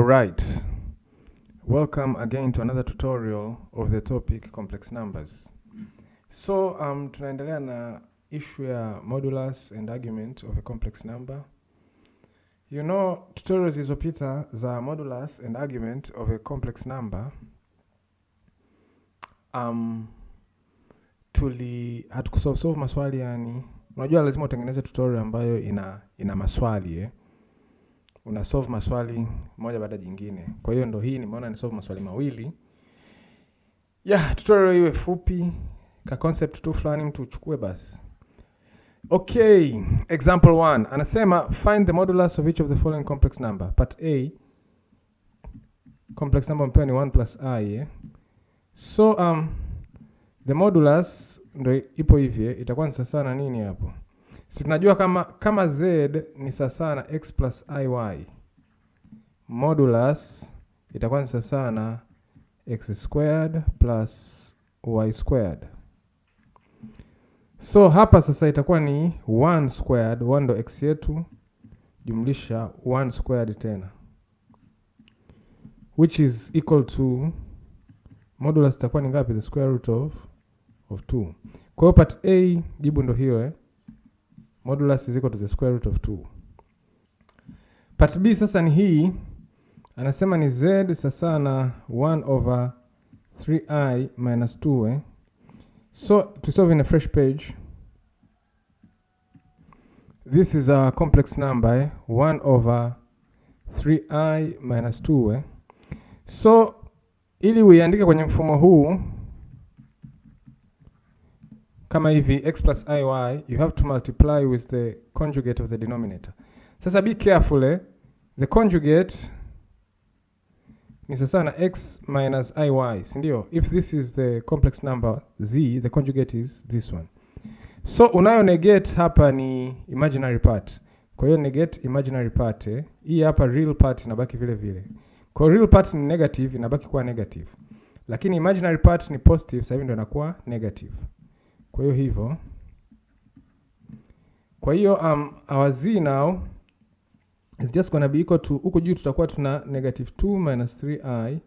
right welcome again to another tutorial of the topic complex numbers. So um, tunaendelea na issue ya modulus and argument of a complex number. You know tutorial zilizopita za modulus and argument of a complex number um, tuli hatukusolve maswali yani, unajua lazima utengeneze tutorial ambayo ina, ina maswali eh? una solve maswali moja baada jingine. Kwa hiyo ndo hii nimeona ni solve maswali mawili. Yeah, tutorial iwe fupi, ka concept tu fulani mtu uchukue basi. Okay, example 1. Anasema find the modulus of each of the following complex number. Part A complex number mpewa ni 1 plus i eh? So um, the modulus ndo ipo hivi eh? itakuwa ni sasa na nini hapo? si tunajua kama, kama z ni sawasawa na x plus iy, modulus itakuwa ni sawasawa na x squared plus y squared. So hapa sasa itakuwa ni 1 squared, 1 ndo x yetu jumlisha 1 squared tena which is equal to modulus itakuwa ni ngapi? The square root of, of 2. Kwa hiyo part A jibu ndo hiyo eh modulus is equal to the square root of 2. Part B sasa ni hii, anasema ni z sasa na 1 over 3i minus 2 eh? So to solve in a fresh page this is a complex number eh? 1 over 3i minus 2 eh? So ili uiandike kwenye mfumo huu kama hivi x plus iy you have to multiply with the conjugate of the denominator. Sasa be careful eh? The conjugate ni sasa na x minus iy, si ndio? If this is the complex number z, the conjugate is this one. So unayo negate hapa ni imaginary part, kwa hiyo negate imaginary part eh? Hii hapa real part inabaki vile vile, kwa real part ni negative, inabaki kuwa negative, lakini imaginary part ni positive, sasa hivi ndio inakuwa negative. Kwa hiyo hivyo. Kwa hiyo um, our z now is just gonna be equal to, huku juu tutakuwa tuna negative 2 minus 3i,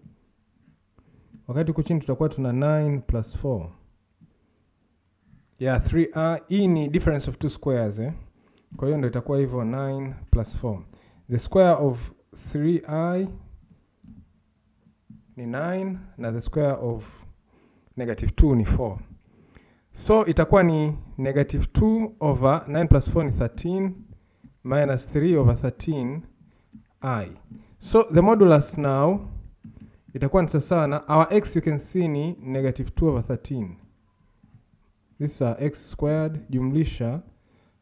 wakati huku chini tutakuwa tuna 9 plus 4. Yeah, 3i hii ni difference of two squares eh? Kwa hiyo ndo itakuwa hivyo 9 plus 4. The square of 3i ni 9 na the square of negative 2 ni 4. So itakuwa ni negative 2 over 9 plus 4 ni 13 minus 3 over 13 i. So the modulus now itakuwa ni sawa na our x you can see ni negative 2 over 13. This is our x squared jumlisha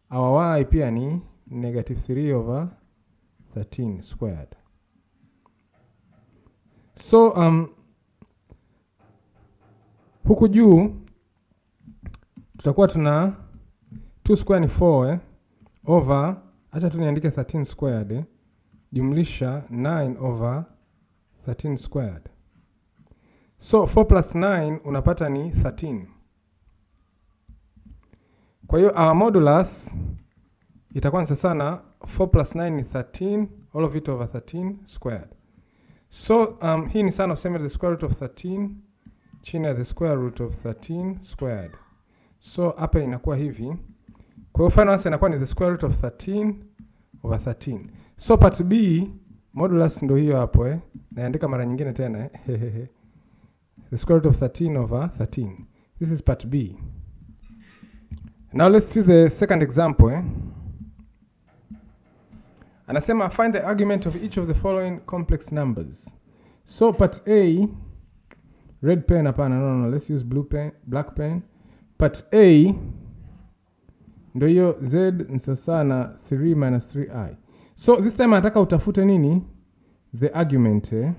our y pia ni negative 3 over 13 squared. So um, huku juu tutakuwa tuna 2 square ni 4 eh, over acha tu niandike 13 squared eh, jumlisha 9 over 13 squared. So 4 plus 9 unapata ni 13. Kwa hiyo our modulus itakuwa ni sana 4 plus 9 ni 13 all of it over 13 squared. So um, hii ni sana useme the square root of 13 chini ya the square root of 13 squared. So hapa inakuwa hivi. Kwa hiyo final answer inakuwa ni the square root of 13 over 13. So part B modulus ndio hiyo hapo eh. Naandika mara nyingine tena eh. the square root of 13 over 13. This is part B. Now let's see the second example eh. Anasema find the argument of each of the following complex numbers. So part A red pen hapana, no, no, let's use blue pen, black pen part a ndio hiyo z sasa na 3 minus 3i. So this time anataka utafute nini? The argument eh?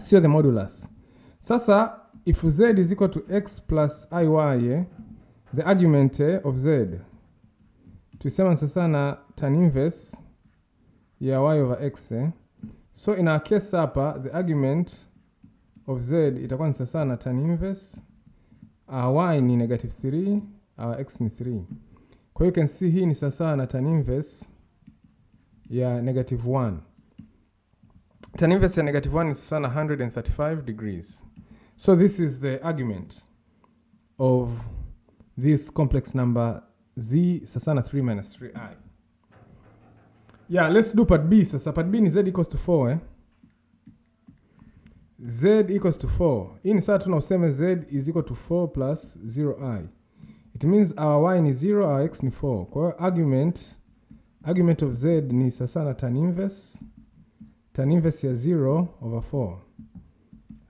Sio the modulus. Sasa if z is equal to x plus iy eh? The argument eh, of z tuisema sasa na tan inverse ya y over x eh? So in our case hapa the argument of z itakuwa nsasana sasa na tan inverse uh, y ni negative 3 uh, ah, x ni 3. Kwa hiyo you can see hii ni sawasawa na tan inverse ya negative 1. Tan inverse ya negative 1 ni sawasawa na 135 degrees. So this is the argument of this complex number z sawasawa na 3 minus 3i. Yeah, let's do part b sasa. Part b ni z equals to 4 eh? z equals to 4. Hii ni sawa tu useme z is equal to 4 plus 0i. It means our y ni 0, our x ni 4. Kwa hiyo argument argument of z ni sasa na tan inverse tan inverse ya 0 over 4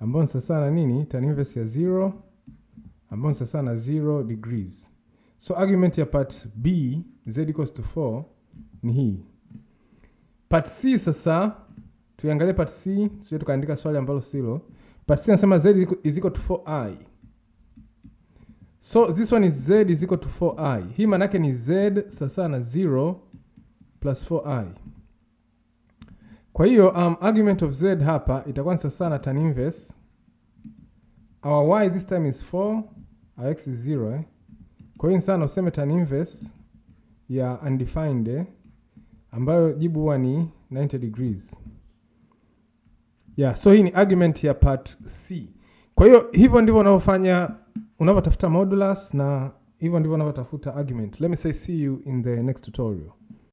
ambayo ni sasa na nini? Tan inverse ya 0 ambayo ni sasa na 0 degrees. So argument ya part B z equals to 4 ni hii. Part C sasa Tuiangalie part C, sio tukaandika swali ambalo silo. Part C nasema z is equal to 4i. So this one is z is equal to 4i. Hii maana yake ni z sasa na 0 plus 4i. Kwa hiyo um, argument of z hapa itakuwa ni sasa na tan inverse. Our y this time is 4, our x is 0 eh. Kwa hiyo sana useme tan inverse ya undefined eh, ambayo jibu huwa ni 90 degrees yeah, so hii ni argument ya part C. Kwa hiyo hivyo ndivyo unavyofanya unavyotafuta modulus na hivyo ndivyo unavyotafuta argument. Let me say see you in the next tutorial.